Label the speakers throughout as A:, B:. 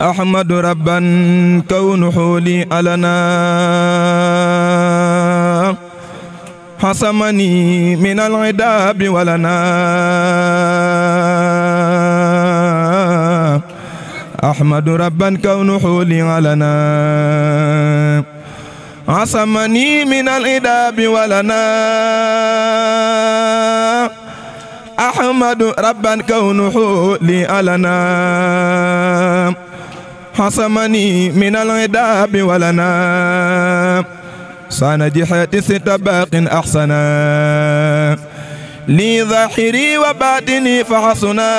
A: أحمد ربا كونه لي ألنا حصمني من العذاب ولنا أحمد ربا كونه لي علنا عصمني من العذاب ولنا أحمد ربا كونه لي علنا حصمني من العذاب ولنا صان جحاتس طباق أحسنا لي ظاهري وباطني فحسنا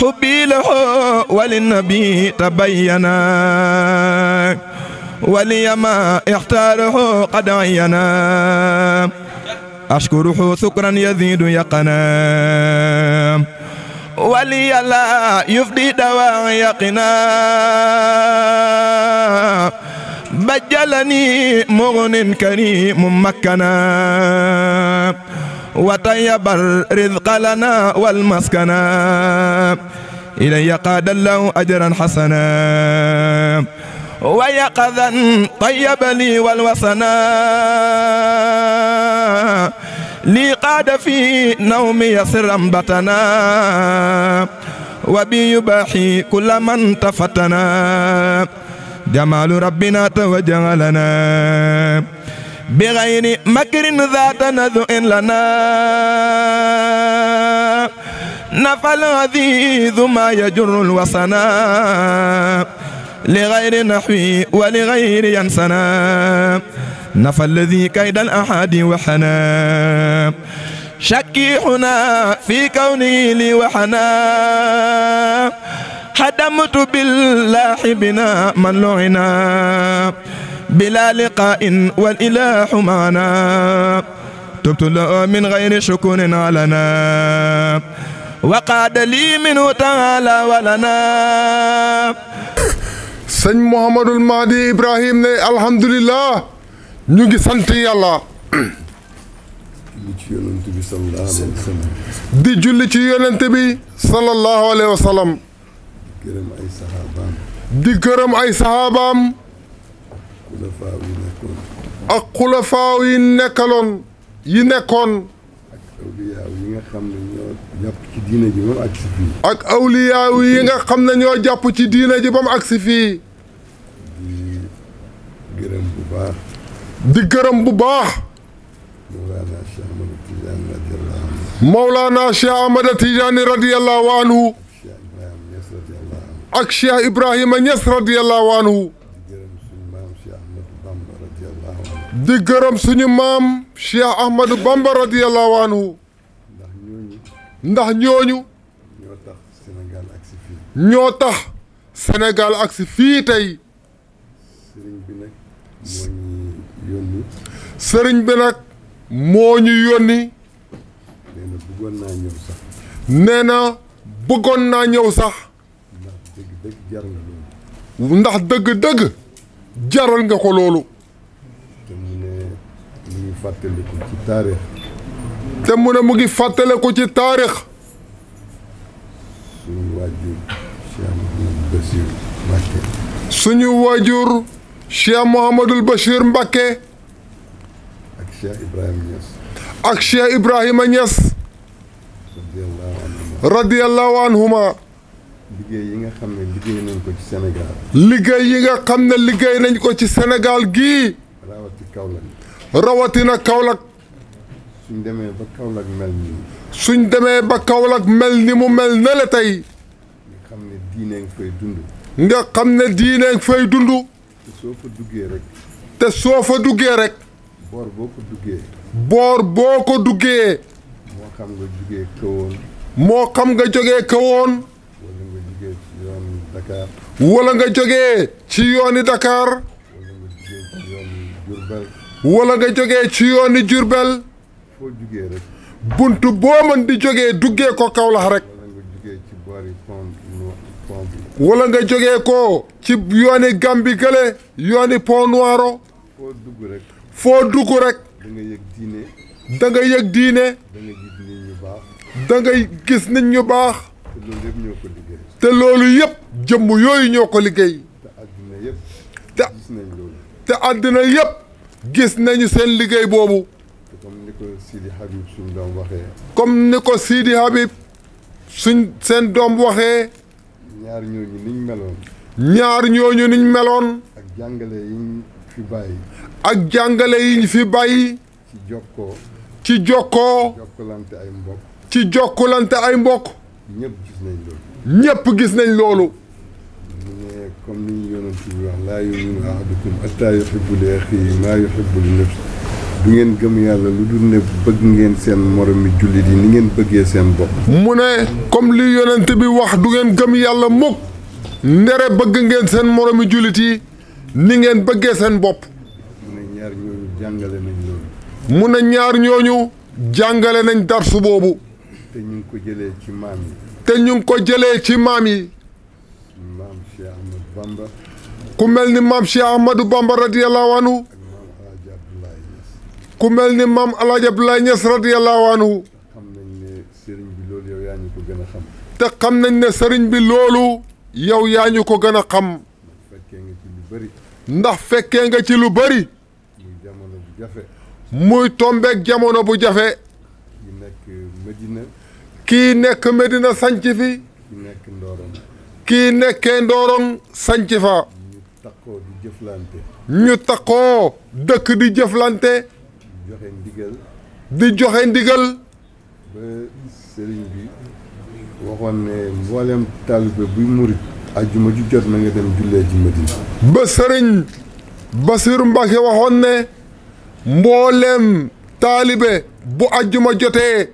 A: حبي له وللنبي تبينا ولي ما اختاره قد عينا أشكره شكرا يزيد يقنا ولي لا يفدي دواء يقنا بجلني مغن كريم مكنا وطيب الرزق لنا والمسكنا إلي قاد الله أجرا حسنا ويقظا طيب لي والوسنا لي قاد في نومي سرا بتنا وبي يباحي كل من تفتنا جمال ربنا توجه لنا بغير مكر ذات نذء لنا نفى العزيز ما يجر الوصنا لغير نحوي ولغير ينسنا نفى الذي كيد الأحد وحنا شكيحنا في كوني لي وحنا حدمت بالله بنا من لعنا بلا لقاء والإله معنا تبت له من غير شكر علنا وقعد لي منه تعالى ولنا
B: سن محمد المهدي إبراهيم الحمد لله ñu ngi sant yàlla. di julli ci yonent bi sallallahu alayhi wa
C: di gërëm ay saxaabaam.
B: di gërëm ay saxaabaam. ak xulafaaw yi nekkaloon yi nekkoon.
C: awliyaaw yi nga xam ne ñoo jàpp ci diina ji ba mu agsi fii.
B: ak awliyaaw yi nga xam ne ñoo jàpp ci diina ji ba mu agsi fii. di gërëm bu baax Mawlana Cheikh Ahmada Tijaani radiyallahu anhu ak Cheikh Ibrahima Niass radiyallahu anhu di gërëm suñu maam Cheikh Ahmadou Bamba radiyallahu anhu ndax ñooñu ñoo tax Sénégal ak tey yónni sëriñ bi nag moo ñu yónni nee na bëggoon naa ñëw sax bëggoon naa ñëw sax ndax dëgg-dëgg jaral nga ko loolu te mu
C: ne mu ngi
B: fàttaliku ci taarix te ci taarix suñu waajur waajur Cheikh Mouhamadul Bachir Mbacké.
C: ak Cheikh Ibrahima Niass.
B: ak Cheikh Ibrahima Niass. anhuma liggéey yi nga xam ne liggéey nañ ko ci Sénégal. liggéey yi xam ne liggéey nañ ko ci Sénégal gii.
C: rawatina Kaolack.
B: rawatina Kaolack.
C: suñ demee ba Kaolack mel nii.
B: suñ demee ba Kaolack mel ni mu mel ne tey. nga xam ne diine nga fay soo te soo fa duggee rek.
C: boor boo ko duggee.
B: boor boo ko duggee.
C: moo xam nga jógee kawoon.
B: moo xam nga jógee kawoon. nga jógee ci yooni Dakar. wala nga jógee ci yooni Jurbel. foo jógee rek. bunt boo mën di jógee duggee ko Kawlax rek. wala nga jóge ko ci yooni Gàmbi gële yooni Pont Noiro foo dugg rek foo dugg nga yëg diine da nga yëg gis nit ñu baax da te loolu yëpp ñoo jëmm yooyu ñoo ko liggéey te àddina yëpp gis nañu seen liggéey boobu
C: comme ni ko Sidi Habib suñ doom waxee
B: comme ni ko Sidi Habib suñ seen doom waxee ñaar ñooñu niñ meloon. ñaar ñooñu niñ meloon. ak jàngale yiñ fi bàyyi. ak jàngale yiñ fi bàyyi.
C: ci jokkoo.
B: ci jokkoo. jokkulante ay mbokk. ci jokkulante ay mbokk. ñëpp gis nañ loolu. ñëpp gis loolu.
C: mais comme ni ñu yonent bi wax li axiihi maa yuhibbu li nafsihi du ngeen gëm yàlla lu dul ne bëgg ngeen seen moromi jullit yi ni ngeen bëggee seen bopp.
B: mu ne comme li yonent bi wax du ngeen gëm yàlla mukk ndere bëgg ngeen seen moromi jullit yi ni ngeen bëggee seen bopp.
C: mu ne ñaar ñooñu jàngale nañ
B: mu ne ñaar jàngale nañ darsu boobu.
C: te ñu ngi ko jëlee ci maam yi.
B: te ñu ngi ko jëlee ci maam yi.
C: maam
B: ku mel ni maam Cheikh Ahmadou Bamba radiyallahu anhu ku mel ni maam El Hadj Abdoulaye Niass radiyallahu xam nañ ne sëriñ bi loolu te xam nañ ne sëriñ bi loolu yow yaa ñu ko gën a xam. fekkee ndax fekkee nga ci lu bari muy
C: jamono bu jafe.
B: muy tombeeg jamono bu jafe. kii nekk Medina. kii nekk Medina sanc fi. kii nekk Ndorong. kii nekkee Ndorong sanc fa. ñu takkoo dëkk di jëflante.
C: joxe ndigal.
B: di joxe ndigal.
C: ba sëriñ
B: bi waxoon ne mboolem taalibe na nga ba sëriñ Basiru Mbàkke waxoon ne mboolem taalibe bu ajjuma jotee.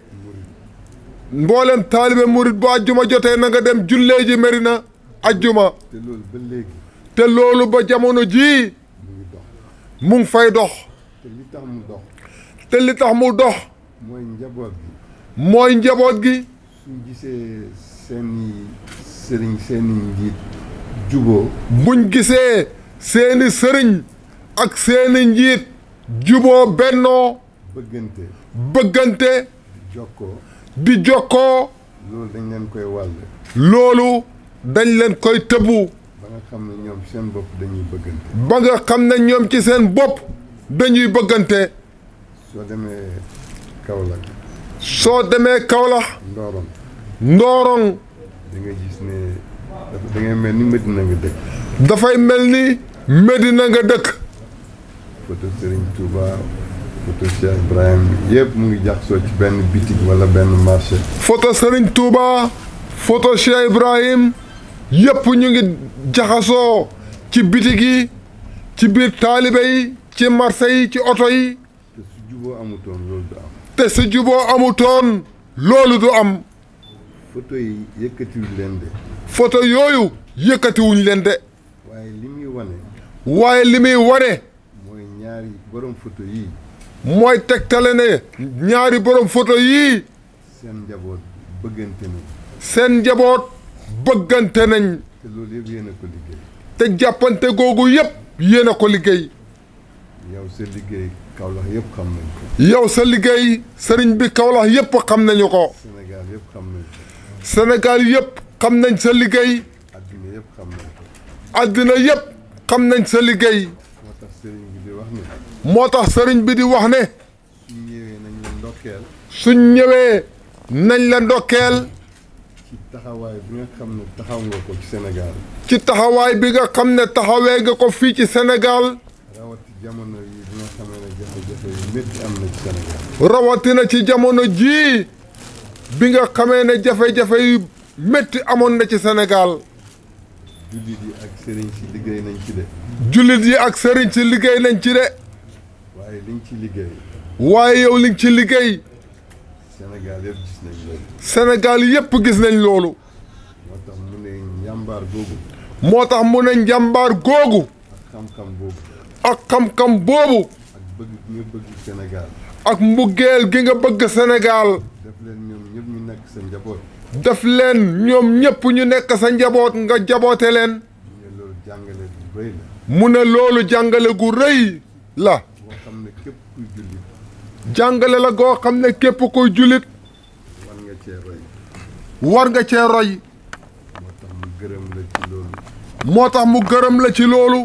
B: mboolem taalibe murit bu ajjuma jotee na nga dem jullee ji Madina ajjuma. te loolu ba léegi. te loolu ba jamono ji mu ngi fay dox. te li tax mu dox.
C: mooy njaboot gi.
B: mooy njaboot gi.
C: suñ gisee
B: seeni sëriñ seeni buñ gisee seeni sëriñ ak seeni njiit juboo bennoo. bëggante. bëggante. di jokkoo. di jokkoo. loolu dañ leen koy wàll. loolu dañ leen koy tëbbu.
C: ba nga xam ne ñoom seen bopp dañuy
B: bëggante. ba nga xam ne ñoom ci seen bopp dañuy bëggante.
C: soo demee Kaolack.
B: soo demee Kaolack. Ndorong. Ndorong.
C: da ngay gis ne
B: da ngay mel ni Medina nga dëkk. dafay mel ni na nga dëkk. photo
C: mu ngi jaxasoo ci benn bitig wala benn marché.
B: photo Serigne Touba photo Cheikh Ibrahim yëpp ñu ngi jaxasoo ci bitig yi ci biir taalibe yi ci marché yi ci oto yi. juboo amutoon loolu du te su juboo amutoon loolu du am. photo yi yooyu yëkkatiwuñ leen de. waaye li muy wane. waaye li muy wane.
C: mooy ñaari borom photo yii.
B: mooy tegtale ne ñaari borom photo yii.
C: seen njaboot bëggante nañ.
B: seen njaboot bëggante nañ. te loolu yëpp yéen a ko liggéey. te jàppante googu yëpp yéen a ko liggéey.
C: yow sa liggéey. Kaolack yëpp xam nañ
B: yow sa liggéey sëriñ bi Kaolack yépp xam nañu ko. senegaal yépp xam nañ ko. xam nañ sa liggéey. addina yëpp xam nañ xam nañ sa liggéey. moo tax sëriñ bi di wax ne. moo tax sëriñ bi di wax ne. suñ ñëwee nañ la ndokkeel. suñ ñëwee nañ la ndokkeel.
C: ci taxawaay bi nga xam ne taxaw nga ko ci Sénégal.
B: ci taxawaay bi nga xam ne taxawee nga ko fii ci Sénégal. métti rawatina ci jamono jii bi nga xamee ne jafe-jafe yu métti amoon na ci Sénégal.
C: jullit yi ak sëriñ si liggéey nañ ci de.
B: jullit yi ak sëriñ si liggéey nañ ci de.
C: waaye liñ ci liggéey.
B: waaye yow liñ ci liggéey. Sénégal yëpp gis nañ loolu. yëpp gis nañ loolu. moo
C: tax mu ne njàmbaar googu.
B: moo tax mu ne njàmbaar googu. ak ak xam-xam boobu.
C: bëgg gi nga bëgg Sénégal.
B: ak mbugeel gi nga bëgg senegaal def leen ñoom
C: ñëpp ñu nekk sa njaboot.
B: def leen ñoom ñëpp ñu nekk sa njaboot nga jaboote leen. mu ne loolu jàngale gu rëy la. mu jàngale la. boo xam ne képp kuy jullit. jàngale la goo xam ne képp kuy jullit. war nga war nga cee roy. moo tax mu gërëm la ci loolu. moo tax mu gërëm la ci loolu.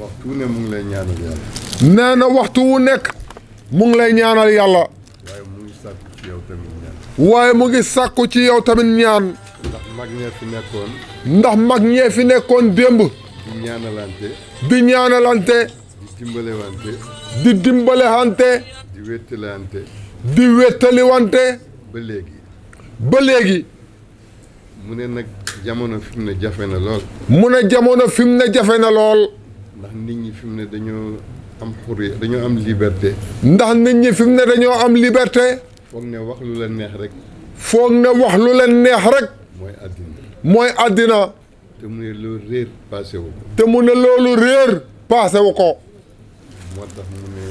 C: waxtu wu ne
B: mu waxtu wu nekk mu ngi lay ñaanal yàlla. waaye mu ngi sàkku ci yow tamit ñaan. waaye mu ngi sàkku ci yow tamit ñaan.
C: ndax mag ñee fi nekkoon.
B: ndax mag ñee fi nekkoon démb.
C: di ñaanalante.
B: di ñaanalante.
C: di dimbalewante. di
B: dimbalewante.
C: di
B: di wéttaliwante. ba léegi. ba léegi.
C: mu ne nag jamono fi mu ne jafe na lool.
B: mu ne jamono fi mu ne jafe na lool.
C: ndax nit ñi fi mu ne dañoo am xur dañoo am liberté.
B: ndax nit ñi fi mu ne dañoo am liberté.
C: foog ne wax lu leen neex rek.
B: foog ne wax lu leen neex rek. mooy àddina. mooy àddina.
C: te mu ne loolu réer
B: passé wu te mu ne loolu réer passé wu ko.
C: moo tax mu ne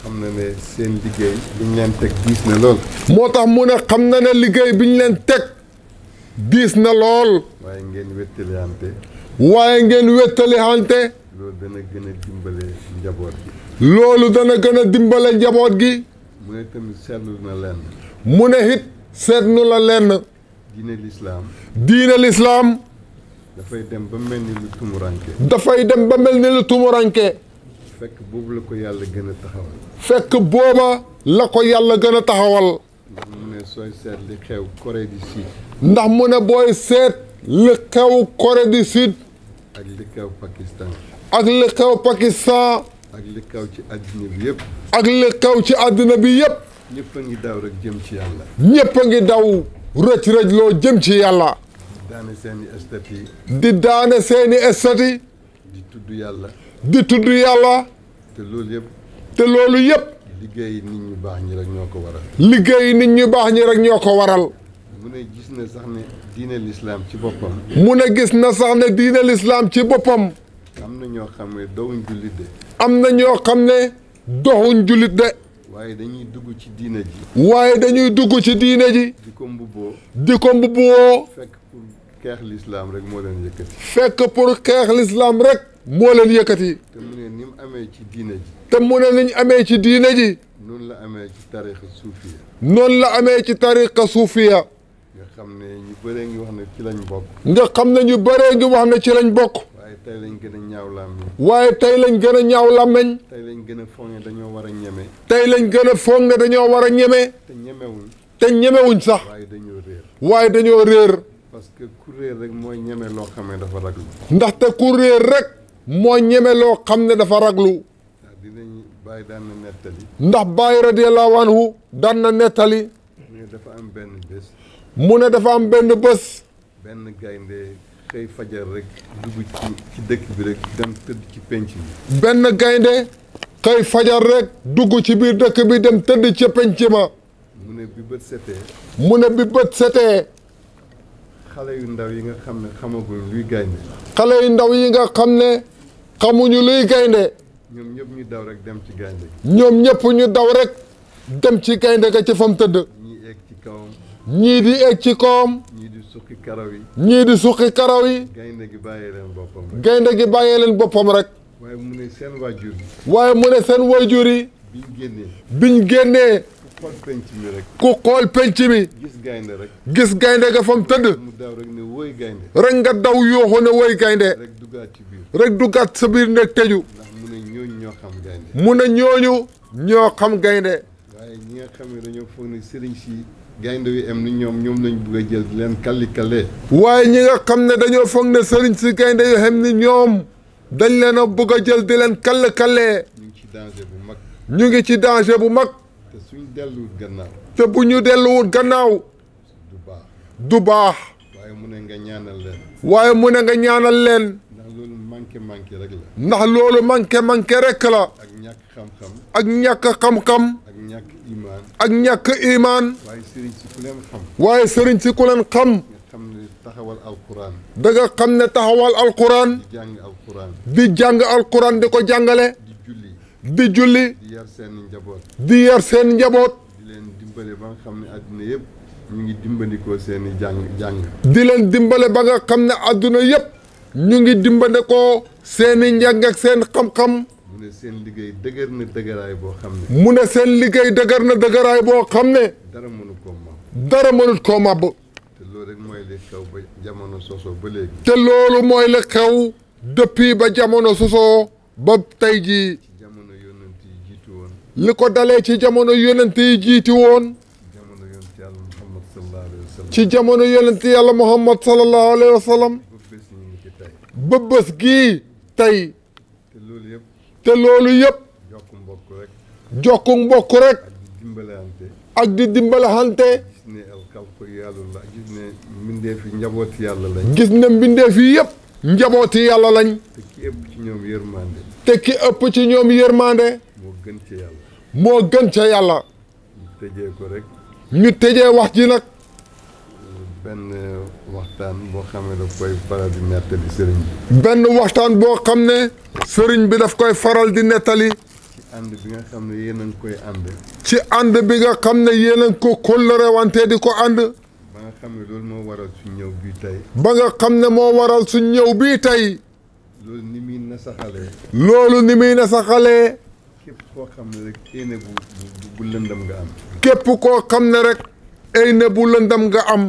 B: xam na ne seen liggéey bi ñu leen teg diis moo tax mu ne xam na ne liggéey bi leen teg diis na lool.
C: waaye ngeen wéttalihante.
B: waaye ngeen wéttalihante.
C: loolu dana gën a dimbale njaboot gi.
B: loolu dana gën a dimbale njaboot gi.
C: mu ne tamit seetlu na lenn.
B: mu ne it seetlu la lenn.
C: diine lislaam.
B: diine lislaam.
C: dafay dem ba mel ni lu tumuranke.
B: dafay dem ba mel ni lu tumuranke.
C: fekk boobu la ko yàlla gën a taxawal.
B: fekk booba la ko yàlla gën a taxawal.
C: ndax mu ne sooy seet li xew Corée du Sud.
B: ndax mu ne booy seet li xew Corée du Sud. ak li xew Pakistan. ak li xew ak
C: li ci àddina bi yëpp.
B: ak li kaw ci àddina bi yëpp.
C: ñëpp a ngi daw rek jëm ci
B: ñëpp a ngi daw rëcc rëcc loo jëm ci yàlla.
C: di daane seeni estati.
B: di daane seeni estati.
C: di tudd yàlla.
B: di tudd yàlla. te loolu yëpp. te loolu yëpp.
C: liggéey nit ñu baax ñi rek ñoo ko
B: liggéey nit ñu baax ñi rek ñoo ko waral.
C: mu ne gis na sax ne diine lislaam ci boppam. mu ne gis na sax ne diine
B: lislaam ci boppam.
C: am na ñoo xam ne doxuñ jullit de.
B: am na ñoo xam ne doxuñ jullit de.
C: waaye dañuy dugg ci diine ji. waaye dañuy dugg ci diine ji. di ko mbubboo. di ko mbubboo. fekk pour xeex lislaam rek moo leen yëkkati.
B: fekk pour xeex lislaam rek. moo leen yëkkati. te mu ne ni mu amee ci diine ji. te mu ne ni ñu amee ci diine ji.
C: noonu la amee ci tariqa suufiya.
B: noonu la amee ci tariqa suufiya.
C: xam ne ñu bëree ngi wax ne ci lañ bokk.
B: nga xam ne ñu bëree ngi wax ne ci lañ bokk. waaye tey lañ gën a ñaaw làmmeñ. waaye tey lañ gën a ñaaw làmmeñ. tey lañ gën a dañoo war a ñeme. tey lañ gën a foog ne dañoo war a ñeme. te te ñemewuñ sax. waaye dañoo réer. waaye dañoo réer.
C: parce que ku réer rek mooy ñeme loo xam ne dafa raglu.
B: ndaxte ku rek. moo ñeme loo xam ne dafa raglu. Ah, dinañ bàyyi daan na nettali. ndax bàyyi radiyallahu anhu daan na nettali. dafa
C: am benn bés.
B: mu ne dafa am benn bés.
C: benn gaynde xëy fajar rek dugg ci ci dëkk bi dem tëdd ci penc
B: benn gaynde xëy fajar rek dugg ci biir dëkk bi dem tëdd ca penc ma.
C: mu ne bi bët setee.
B: mu bi bët setee.
C: xale yu ndaw yi nga xam ne xamaguñ luy gaynde.
B: xale yu ndaw yi nga xam ne xamuñu luy gaynde.
C: ñoom ñëpp ñu daw rek dem ci gaynde.
B: ñoom ñëpp ñu daw rek dem ci gaynde ga ci tëdd. ñii di egg ci koom. ñii
C: di suqi karaw yi. ñii di suqi karaw yi. gaynde gi bàyyee leen boppam
B: rek. gaynde gi bàyyee leen boppam rek.
C: waaye mu ne seen waajur yi. waaye mu ne
B: seen waajur yi. biñ génnee. génnee. ku xool
C: penc mi rek.
B: ku xool penc mi. gis gaynde rek. gis gaynde ga fa mu tëdd. mu
C: daw rek ne woy gaynde.
B: rek nga daw yooxu ne woy gaynde. rek duggaat ci biir. rek duggaat sa biir nekk tëju. ndax
C: mu ne ñooñu ñoo xam
B: gaynde. ñoo xam gaynde.
C: waaye ñi nga xam ne dañoo foog si.
B: gaynde wi am ni ñoom ñoom lañ bëgg a jël di leen kalli kale waaye ñi nga xam ne dañoo foog ne sëriñ si gaynde yu xam ni ñoom dañ leen a bëgg a jël di leen kall kale ñu ngi ci danger bu mag ñu ngi ci danger bu mag
C: te suñ delluwut gannaaw
B: te bu ñu delluwut gannaaw du baax du baax waaye mu ne nga ñaanal leen waaye mu ne nga ñaanal leen ndax loolu manqué manqué rek la ndax loolu manqué manqué rek la ak ñàkk xam ak ñàkk xam-xam ak ñàkk imaan. waaye sëriñ si ku leen xam. waaye xam. xam taxawal alquran. da nga xam ne taxawal alquran. di
C: jàng alquran.
B: di jàng alquran di ko jàngale. di julli. di
C: yar seen njaboot.
B: di yar seen njaboot.
C: leen dimbale ba nga xam ne àddina yëpp ngi
B: dimbandikoo seen jàng jàng. di dimbale ba nga xam ne àdduna yëpp ñu ngi dimbandikoo seen i njàng ak seen xam-xam.
C: mu ne seen liggéey dëgër na dëgëraay boo xam
B: ne. mu ne seen liggéey dëgër na dëgëraay boo xam ne. dara mënut koo màbb. dara mënut koo màbb. te loolu rek mooy li xew ba jamono sosoo ba léegi. te loolu mooy li xew depuis ba jamono sosoo ba tey jii. ci jamono yonent yi jiitu woon. li ko dalee ci jamono yonent yi jiitu woon. ci jamono yonent yàlla Muhammad sallallahu alayhi wa sallam. ba bés gii tey. te loolu yëpp. jokk mbokk rek. mbokk rek. ak di dimbalante. ak di gis ne
C: alxalqu yàlla la gis ne mbindeef yi njabooti yàlla lañ.
B: yi yàlla lañ. te ki ëpp ci ñoom yërmande. moo gën ca yàlla. moo
C: tëjee ko rek.
B: ñu tëjee wax ji nag.
C: waxtaan boo xam ne daf koy faral di nettali sëriñ
B: bi. benn waxtaan boo xam ne. sëriñ bi daf koy faral di nettali. ci ànd bi nga xam
C: ne yéen a ngi koy ànd.
B: ci ànd bi nga xam ne yéen a ngi ko kóllërewante di ko ànd.
C: ba nga xam ne loolu moo waral suñ ñëw bii tey.
B: ba nga xam ne moo waral suñ ñëw bii tey.
C: loolu ni muy nasaxalee.
B: loolu ni muy nasaxalee. képp képp koo xam ne rek. ay ne bu lëndam nga am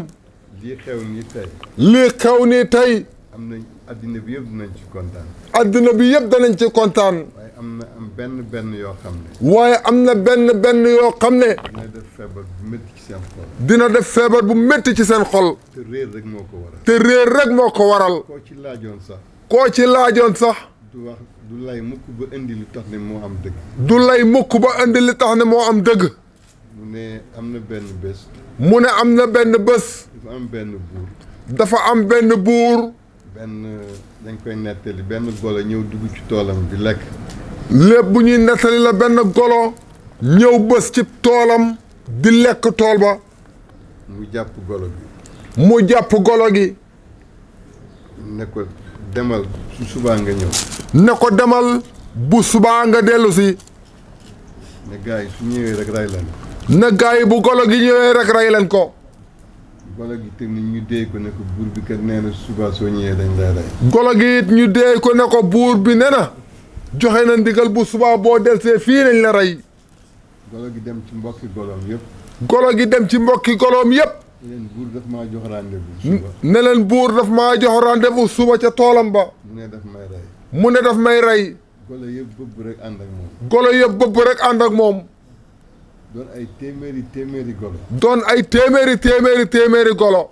C: lii xew nii tey.
B: lii xew nii tey.
C: am nañ addina bi yëpp danañ ci kontaan.
B: addina bi yëpp danañ ci kontaan.
C: waaye am na am benn benn yoo xam ne.
B: waaye am na benn benn yoo xam ne.
C: dina def feebar bu métti ci seen
B: xol. dina def feebar bu métti ci seen xol.
C: réer rek moo ko waral. te réer rek moo ko waral. koo ci laajoon sax.
B: koo ci laajoon sax.
C: du du lay mukk ba indi li tax ne moo am dëgg.
B: du lay mukk ba indi li tax ne moo am dëgg.
C: mu ne am na benn bés. mu ne am na
B: benn bés. dafa am benn buur. dafa am benn buur.
C: benn dañ koy nettali benn golo ñëw dugg ci toolam di
B: lekk. lépp bu ñuy nettali la benn golo. ñëw bés ci toolam. di lekk tool ba. mu jàpp golo gi. mu jàpp golo gi. ne ko demal bu subaa nga ñëw. ne ko demal bu subaa nga dellu si.
C: ne yi su ñëwee rek ray la
B: na gaay bu golo gi ñëwee rek rey leen ko.
C: golo gi tamit ñu dee ko ne ko nee na suba dañ lay
B: golo gi ñu dee ko ne ko buur bi nee na joxe na ndigal bu subaa boo delsee fii nañ la rey. golo gi dem ci mbokki goloom yëpp. golo gi dem ci mbokki goloom yëpp.
C: ne buur daf maa jox rendez-vous.
B: ne leen buur daf maa jox suba ca toolam ba. mu
C: ne daf may rey.
B: mu ne daf may rey.
C: golo yëpp bëbb rek
B: golo yëpp bëbb rek ànd ak moom.
C: doon ay téeméeri téeméeri golo.
B: doon ay téeméeri téeméeri téeméeri golo.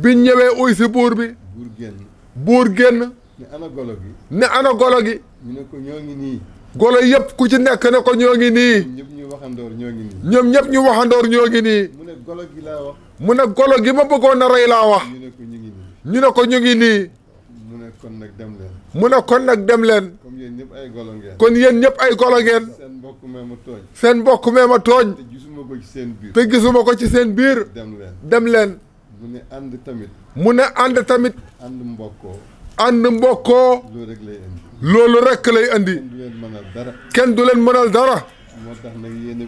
B: biñ ñëwee uy si buur bi. biñ ñëwee uy buur bi.
C: buur génn.
B: buur génn. ne ana golo gi. ne ana golo gi.
C: ñu ne ñoo ngi nii.
B: golo yëpp ku ci nekk ne ko ñoo ngi nii. ñoom ñëpp ñu waxandoor ñoo ngi nii. ñoom ñëpp ñu waxandoor ñoo ngi nii. mu ne golo gi laa wax. mu ne golo gi ma bëggoon na rey laa wax. ñu ne ko ñu ngi nii. ñu ne ko ñu ngi nii. mu ne kon nag dem leen. mu ne kon nag dem leen. kon yéen ñëpp ay golo ngeen. kon yéen ñëpp ay golo ngeen.
C: mbokk mee ma tooñ. seen mbokk mee ma tooñ. te gisuma ko ci seen biir. te gisuma ko ci seen biir. dem leen dem leen. mu ne ànd tamit.
B: mu ne ànd tamit. ànd mbokkoo. ànd mbokkoo. loolu rek lay indi. loolu rek lay indi. kenn
C: du leen mënal dara.
B: kenn du leen mënal dara.
C: moo tax nag yéen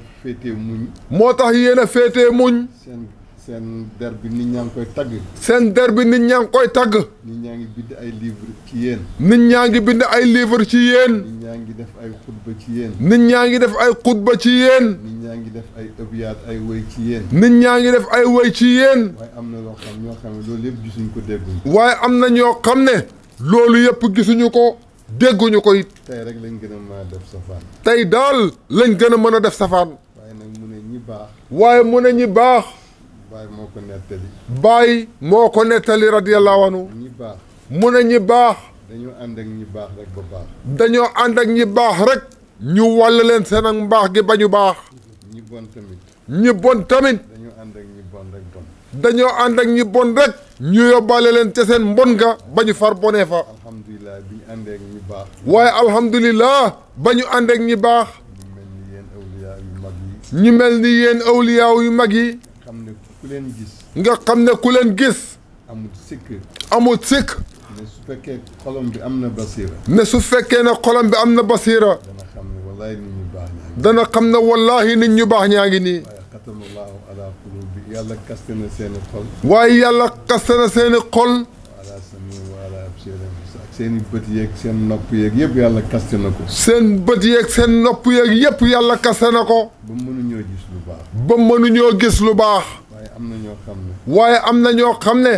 C: a muñ. moo
B: tax yéen a féetee seen der bi nit ñaa ngi koy tagg. seen der bi nit ñaa ngi koy tagg.
C: nit ñaa ngi bind ay livre
B: ci yéen. nit ñaa ngi bind ay livre ci yéen.
C: ñaa ngi def ay xutba ci yéen. nit ñaa ngi def ay
B: xutba ci yéen.
C: nit ñaa ngi def ay ëbyaat ay woy ci yéen. nit ñaa ngi def ay woy ci yéen. waaye am na loo xam ñoo xam ne loolu yëpp gisuñu ko dégguñu. waaye am
B: na ñoo xam ne. loolu yëpp gisuñu ko dégguñu ko it.
C: tey rek lañ gën a mën a def
B: safaan. tey daal lañ gën a mën a def safaan. waaye nag mu ne ñi baax. waaye mu ne ñi baax.
C: baay moo ko nettali.
B: baay moo ko nettali radiyallahu anhu. ñi baax mu ne ñi baax.
C: dañoo ànd ak ñi baax rek ba
B: dañoo ànd ak ñi baax rek. ñu wàll leen seen ak mbaax gi ba ñu baax.
C: ñi bon tamit.
B: bon tamit. dañoo ànd ak ñi bon rek dañoo ànd ak ñi bon rek. ñu yóbbaale leen ca seen mbon ga ba ñu far bonee fa.
C: alhamdulilah bi ñu àndee ak ñi baax.
B: waaye alhamdulilah ba ñu ànd ak ñi baax. ñu mel ni yéen awliyaa yu mag yi. ku leen gis. nga xam ne ku leen gis. amul sikk. amul sikk. su fekkee xolom bi am na basiira. ne su fekkee ne xolom bi am na basiira. dana
C: xam ñu baax ñaa
B: ngi. dana xam ne wallaahi nit ñu baax ñaa ngi nii.
C: yàlla kaste na seen i xol.
B: waaye yàlla kaste na seen i xol. seen i bët yeeg seen nopp yeeg yëpp yàlla kaste na ko. seen bët yeeg seen nopp yeeg yëpp yàlla kaste na ko. ba lu baax. ba mënuñoo gis lu baax. waaye
C: am na ñoo xam ne.
B: waaye am na ñoo xam ne.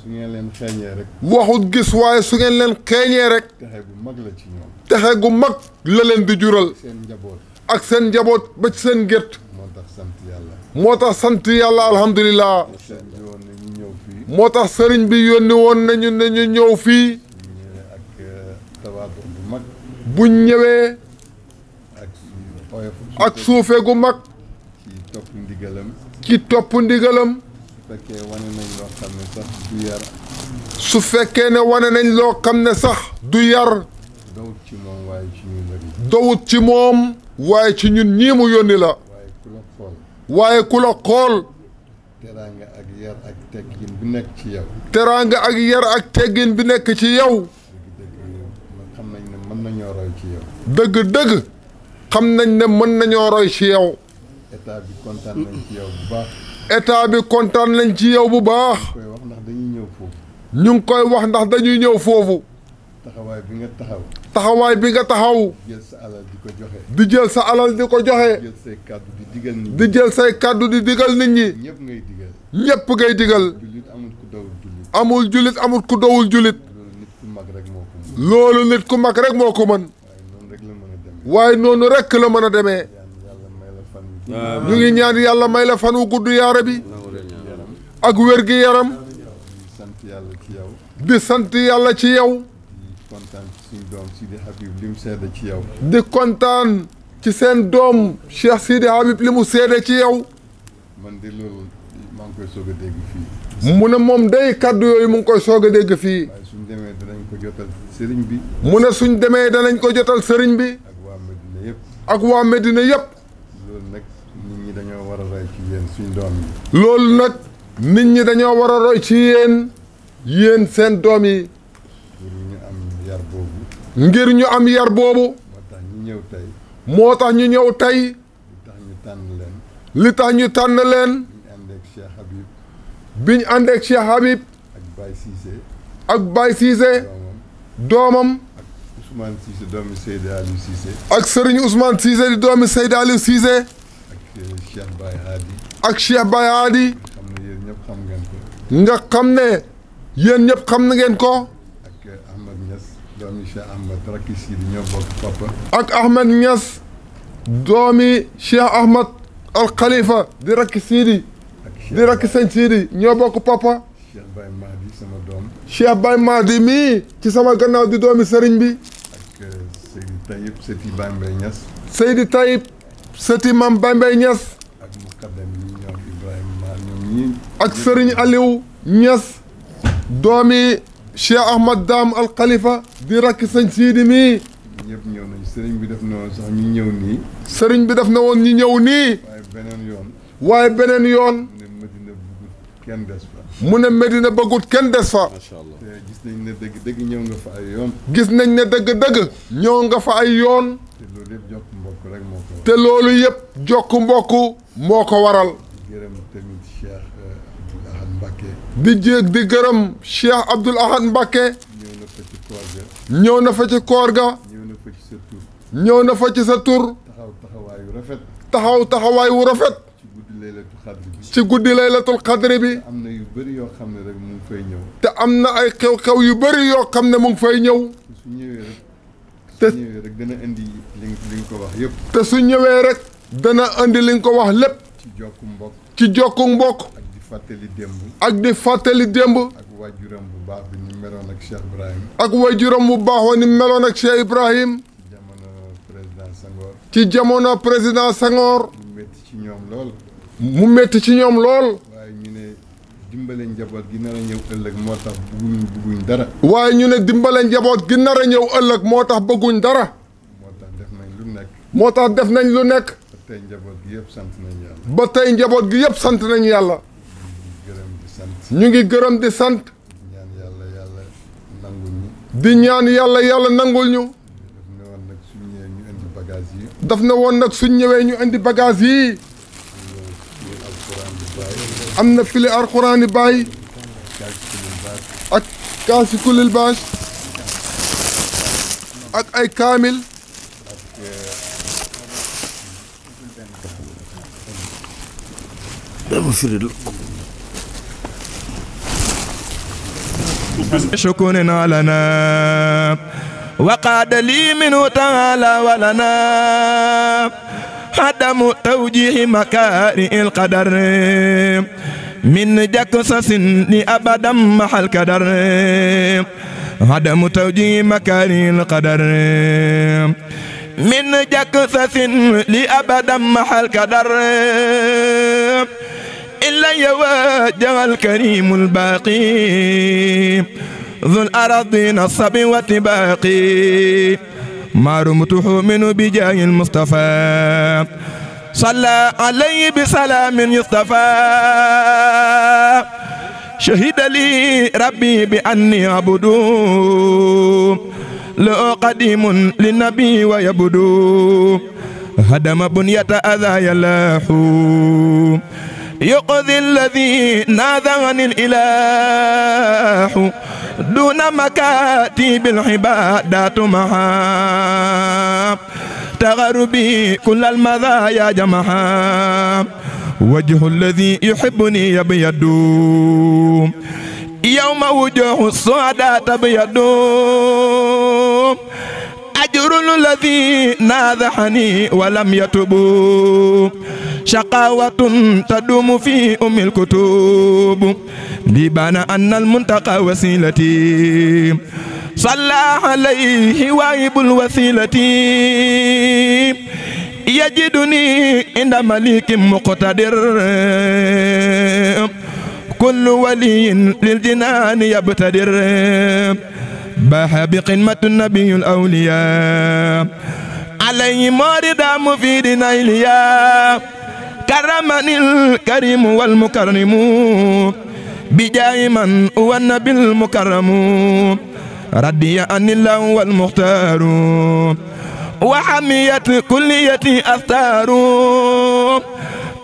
C: su ngeen leen xeeñee rek.
B: waxut gis waaye su ngeen leen xeeñee rek.
C: texe gu mag la ci
B: ñoom. texe gu mag la leen di jural. seen njaboot ak seen njaboot ba ci seen gert. moo tax sant yàlla. moo tax sant yàlla alhamdulilah. moo tax sëriñ bi yónni woon nañu ne ñu ñëw fii. bu ñëwee. Euh, ak suufee gu mag. ci ci topp ndigalam.
C: su fekkee wane nañ loo xam ne
B: fekkee ne wane nañ loo xam ne sax du yar. dawut ci moom waaye ci ñun la. dawut ñii mu yónni la. waaye ku la xool. waaye ku la xool.
C: teraanga ak yar ak teggin
B: bi nekk ci yow. ak yar ak teggin bi nekk ci yow.
C: dëgg-dëgg xam nañ ne mën nañoo roy ci yow.
B: dëgg-dëgg xam nañ ne mën nañoo roy ci yow.
C: état bi kontaan nañ ci yow bu
B: baax. bi kontaan nañ ci yow bu baax. ñu ngi koy wax ndax dañuy ñëw foofu. ñu ngi koy wax ndax dañuy ñëw foofu.
C: taxawaay bi nga taxaw.
B: taxawaay bi nga taxaw. di jël sa alal di ko joxe. di jël di jël say kàddu di digal nit ñi. di jël nit ñi. ñëpp ngay digal. ñëpp ngay digal. jullit amul ku dowul jullit. loolu nit ku mag rek moo ko mën. nit ku mag rek moo ko mën. waaye noonu rek la mën a demee. waaye noonu rek la mën a demee. ñu ngi ñaan yàlla may la fan wu gudd yaa bi ak wér gi yaram di sant yàlla ci yow.
C: di kontaan ci suñu doom Sidi Habib li mu ci yow.
B: di kontaan ci seen doom Cheikh Sidi Habib li mu seede ci yow. man de loolu maa mu ne moom day kàddu yooyu mu ngi koy soog a dégg fii. waaye suñ
C: demee danañ ko jotal sëriñ bi.
B: mu ne suñ demee danañ ko jotal sëriñ bi. ak waa Medina yëpp. yëpp. dañoo war a roy ci yéen suñ loolu nag nit ñi dañoo war a roy ci yéen yéen seen doom yi. ngir ñu am yar boobu. ngir ñu am yar moo
C: tax ñu ñëw tey.
B: moo tax ñu ñëw tey. li tax ñu tànn leen. li tax ñu tànn leen. biñ àndeeg Cheikh Habib. biñ àndeeg Cheikh Habib.
C: ak Baye Cissé.
B: ak Baye Cissé. doomam.
C: Ousmane Cissé doomi Seydi Aliou Cissé. ak Serigne Ousmane
B: Cissé di doomi Seydi Aliou Cheikh Baye Hadi. ak Cheikh Baye Hadi. xam ne
A: yéen ñëpp xam ngeen
B: ko. nga xam na ngeen ko.
C: ak Ahmed Niass doomi Cheikh
B: Ahmed rakki di rakki Sidi. di rakki sëñ Sidi ñoo bokk papa. Cheikh Baye Mahdi sama doom. Cheikh Baye Mahdi mii ci sama gannaaw di doomi sëriñ bi. ak euh, Seydi Taïb sëti Baye Mbaye Niass. Seydi Taïb. sëti maam Baye Mbaye Niass. ak muqaddam yi ñoom Ibrahima ak Serigne Aliou Niass. doomi Cheikh Ahmad Dame Al Khalifa. di rakk sëñ Sidi mii.
C: ñëpp ñëw nañ sëriñ bi def na woon sax ñu ñëw
B: nii. sëriñ bi def na woon ñu ñëw nii. beneen yoon. yoon. kenn mu ne Medina bëggut kenn des fa.
C: macha eh, gis nañ ne dëgg dëgg
B: ñëw nga fa ay yoon. gis nañ ne dëgg dëgg. ñëw nga fa ay yoon. te loolu
C: yëpp jokk mbokk
B: rek moo ko. te loolu yëpp jokk mbokk moo ko waral. di gërëm tamit Cheikh eh, Abdoul jéeg di gërëm Cheikh Abdoul Ahad Mbacké. ñëw na fa ci koor ga. ñëw na fa ci sa tur.
C: ñëw na fa
B: taxaw taxawaay wu rafet. laylatul xadri ci guddi laylatul xadri bi
C: am na yu bëri yoo xam ne rek mu ngi fay ñëw
B: te am na ay xew-xew yu bëri yoo xam ne mu ngi fay ñëw su ñëwee rek dana indi li nga ko wax yëpp te su ñëwee rek dana indi li ko wax lépp ci jokku mbokk ci jokku mbokk ak
C: fàttali démb
B: ak di fàttali démb ak
C: waajuram bu baax bi ni meloon ak Cheikh Ibrahim
B: ak waajuram wa ni meloon ak Cheikh Ibrahim ci jamono président Senghor. ci jamono président Senghor. mu lool. mu métti ci ñoom lool.
C: waaye ñu ne dimbale njaboot gi nar a ñëw ëllëg moo tax bëgguñ bëgguñ dara. waaye ñu ne
B: dimbale njaboot gi nar a ñëw ëllëg moo tax bëgguñ dara. moo tax def nañ lu nekk. moo tax def nañ lu nekk.
C: ba tey njaboot gi yëpp sant nañ
B: yàlla. ba tey njaboot gi yëpp sant nañ yàlla. ñu ngi gërëm di sant. di ñaan yàlla yàlla nangul ñu. daf ne woon nag suñ ñëwee ñu indi bagage yi. daf ne woon nag suñ ñëwee ñu indi bagage yi. am na fili alxuraani baay ak kaasi kulil baas ak ay kaamil
A: شكرنا لنا وقعد لي منه تعالى ولنا عدم توجيه مكارئ القدر من جكسس لأبدا محل كدر عدم توجيه مكارئ القدر من جكسس لأبدا محل كدر إلا يواجه الكريم الباقي ذو الأراضي نصب وتباقي ما رمته منه بجاه المصطفى صلى عليه بسلام يصطفى شهد لي ربي بأني عبدو لو قديم للنبي ويبدو هدم بنية أذى يلاحو يقضي الذي نادعني الإله دون مكاتب العبادات معا تغربي كل المذايا جمعا وجه الذي يحبني يبيض يوم وجوه السعداء تبيض أجر الذي ناذحني ولم يتبوا شقاوة تدوم في أم الكتب ببان أن المنتقى وسيلتي صلى عليه واهب الوسيلة يجدني عند مليك مقتدر كل ولي للجنان يبتدر baaxa bi xidmatu nabiyul awliyaa alayhi moorida mufiidin ayliyaa karamanil karimu wal mukarrimu bijaayi man huwa nabil mukarramu radiya anillahu wal muxtaaru wa xamiyat kulliyati astaaru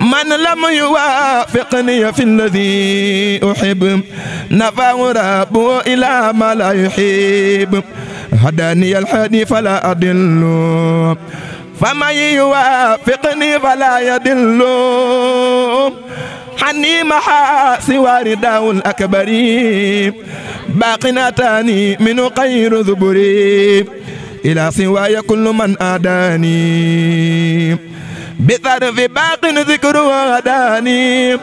A: من لم يوافقني في الذي أحب نفاه ربه إلى ما لا يحب هداني الهادي فلا أضل فمن يوافقني فلا يضل عني محا سوى رداه الأكبر باقنتان من غير ذبري إلى سواي كل من آداني بطرف باق ذكر وغداني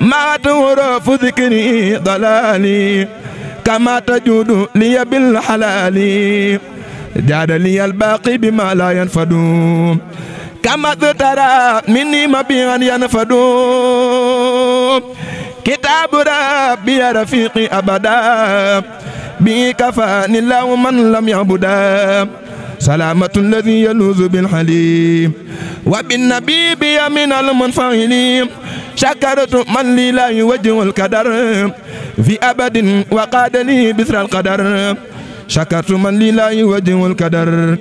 A: ما تغرف ذكري ضلالي كما تجود لي بالحلال جاد لي الباقي بما لا ينفد كما ترى مني مبيعا ينفد كتاب ربي يا رفيقي أبدا به كفاني الله من لم يعبدا سلامة الذي يلوذ بالحليم وبالنبي بي من المنفعلين شكرت من لي لا يوجه القدر في أبد وقاد لي بسر القدر شكرت من لي لا يوجه القدر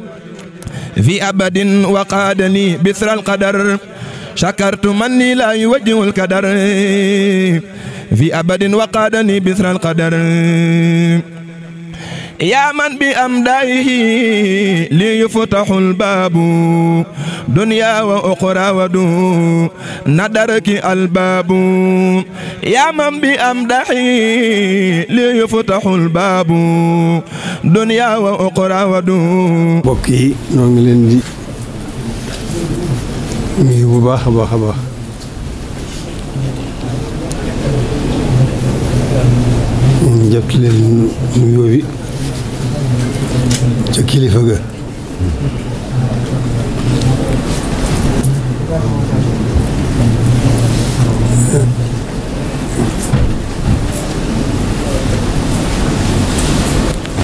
A: في أبد وقاد لي بسر القدر شكرت من لي لا يوجه القدر في أبد وقادني بسر القدر yaa man bi am daayihi li yuftaxul baabu duniya wa uxra wa du nadaraki albaabu yaa man bi am daayihi li yuftaxul baabu duniya wa uxra wa du mbokk yi ñoo ngi leen di
D: nuyu bu baax a baax a baax jot leen nuyoo bi ca kilifa ga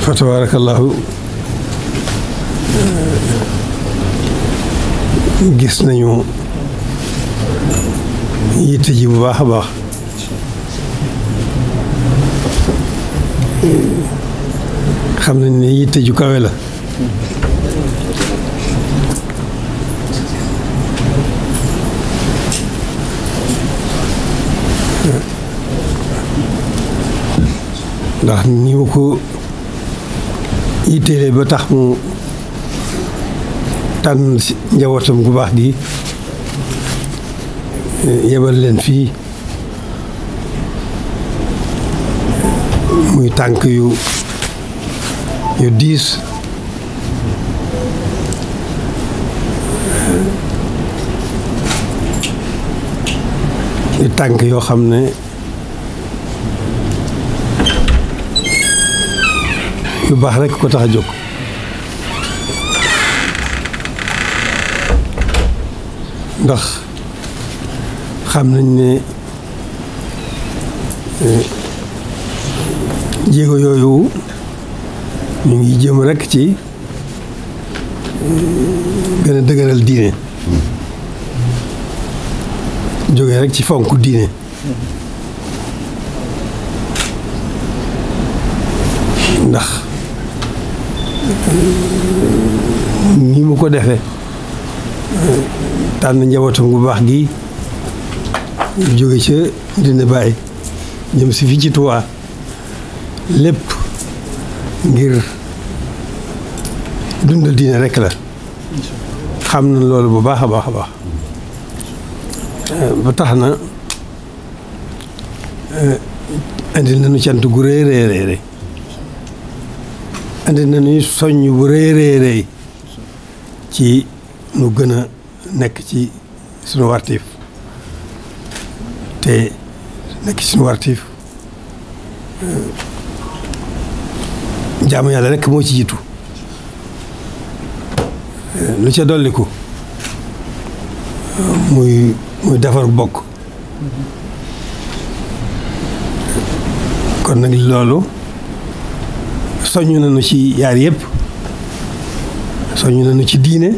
D: fa tabarakallahu gis nañu yitte ji bu baax a baax xam nañ ne yitte ju kawe la ndax ni ma ko yitteele ba tax mu tànn njabootam gu baax gi yebal leen fii muy tànk yu yu diis di tànk yoo xam ne yu baax rekk ko tax a jóg ndax xam nañ ne eh, jéego yooyu ñu ngi jëm rekk ci eh, gën a dëgëral diine jóge rekk ci fonk diine ndax eh, ni mu ko defe eh, tànn njabootam bu baax gi jóge ca dina bàyyi jëm si fi ci Tuubaa lépp ngir dundal diine rekk la xam na loolu bu baax a baax a baax eh, ba tax na indil eh, nañu cant gu rëy rëy rëy indil nañu soññ bu rëy rëy ci nu gën a nekk ci sunu wartiif te nekk ci sunu wartiif eh, jaamu yàlla rekk moo ci jiitu lu ca dolliku muy muy defar bokk kon nag loolu na nañu ci yaar yëpp soññ nañu ci diine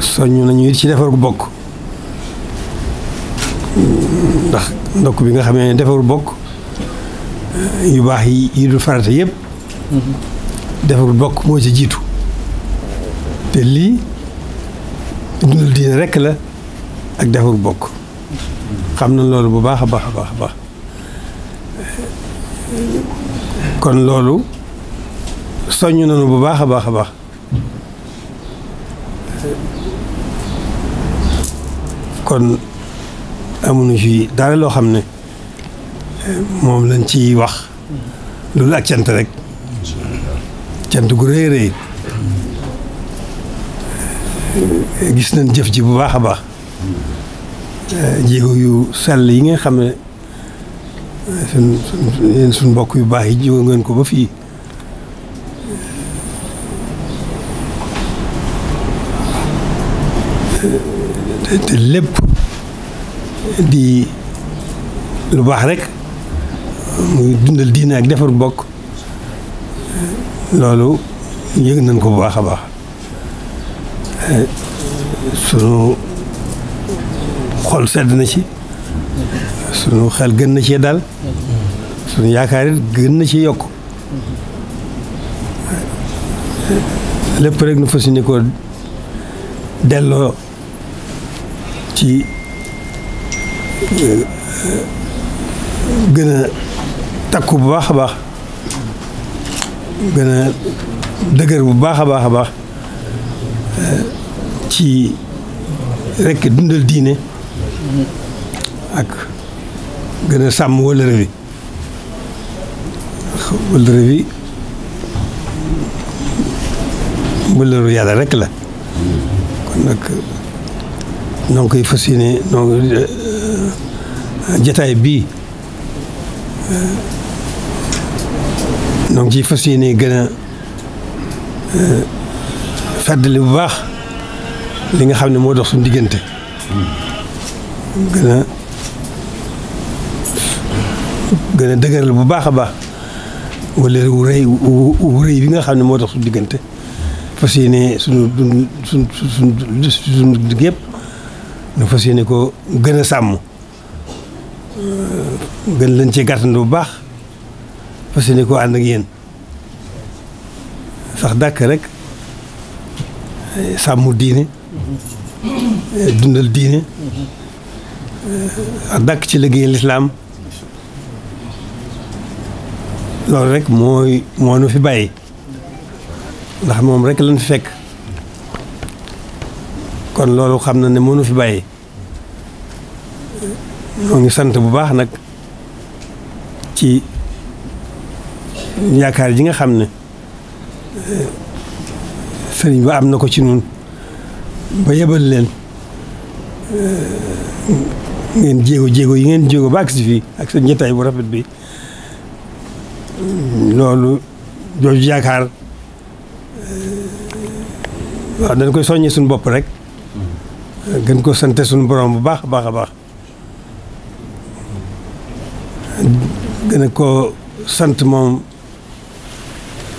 D: soññ nañu it ci defaru bokk ndax ndokk bi nga xamee ne defaru bokk yu baax yi yi dul farata yëpp mm-hmm. defagul bokk moo ci jiitu te lii dundal diine rekk la ak defagul bokk xam na loolu bu baax a baax a baax baax kon loolu soññ nañu bu baax a baax a baax kon amuñu ci daal loo xam ne moom lañ ci wax loolu ak cant rek cant gu rëy rëy gis nañ jëf ji bu baax a baax jéego yu sell yi nga xam ne suñ yéen suñ mbokk yu baax yi jiw ngeen ko ba fii te lépp di lu baax rek muy dundal diine ak defar bokk loolu yëg nañ ko bu baax a baax sunu xol sedd na ci sunu xel gën na ci daal sunu ci yokk lépp rek nu fas ni ko delloo ci euh, gën takku bu baax a baax gën dëgër bu baax a baax a baax eh, ci rekk dundal diine ak gën a sàmm wëllëre bi wëllëre yàlla rekk la kon nag noo ngi koy fas yéene noo eh, eh, bii donc ci fas yéene gën a euh, fàttali bu baax li nga xam ne moo dox suñu diggante gën a gën a dëgëral bu baax a baax wala rëy wu rëy nga xam ne moo dox diggante fas yéene suñu dund suñu suñu suñu fas yéene ko gën a sàmm euh, gën leen ci gàttandu bu baax fas yéene koo ànd ak yéen sax dàkk rekk sàmm diine dundal diine sax dàkk ci liggéey lislaam loolu rekk mooy moo nu fi bàyyi ndax moom rek lañ fi fekk kon loolu xam na ni moo fi bàyyi ñoo ngi sant bu baax nag ci yaakaar ji nga xam ne eh, sëriñ ba am na ko ci nun ba yebal leen eh, ngeen jéego jéego yi ngeen jéego ba si fii ak seen njëtaay bu rafet bi loolu jooju yaakaar eh, waaw dañ koy soññee suñu bopp rek gën ko sante suñu borom bu baax a baax a baax gën a ko sant moom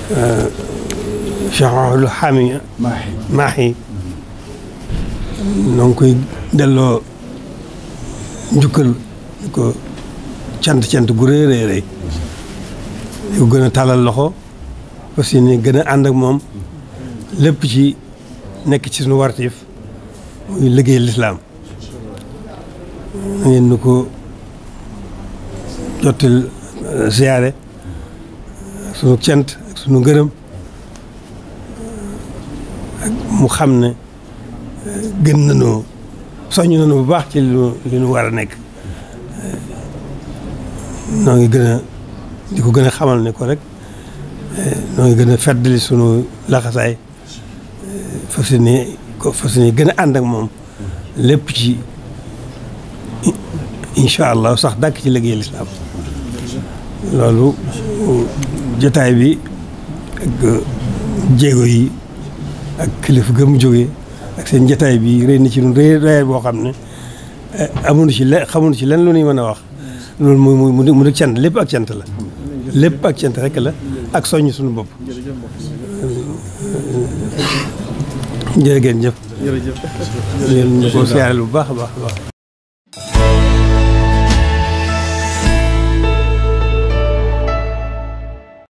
D: Cheikh Mahamadou Xami Mahi noo ngi koy delloo njukkal di ko cant-cant gu rëy rëy rëy di ko gën a tàllal loxo parce que ni gën a ànd ak moom lépp ci nekk ci suñu wartiif muy liggéey lislaam na nu ko jottil euh, ziyaare sunu cant sunu ngërëm mu xam ne gën nañoo soññ nañu bu baax ci lu li nu war a nekk noo ngi gën a di ko gën a xamal ne ko rek noo ngi gën a feddali sunu laxasaay fas yéene ko fas yéene gën a ànd ak moom lépp ci incha allah sax dàkk ci liggéey lislaam loolu jotaay bi ak euh, jéego yi ak kilifa gëm jógee ak seen jataay bi rëy ci ñun rëy boo xam ne eh, amuñu ci lenn xamuñu ci lan lu ñuy mën a wax loolu mooy mu mu mu cant lépp ak cant la lépp ak cant rek la ak soññ suñu bopp jërëgeen jëf jërëjëf ñu ko siyaareel bu baax a baax a baax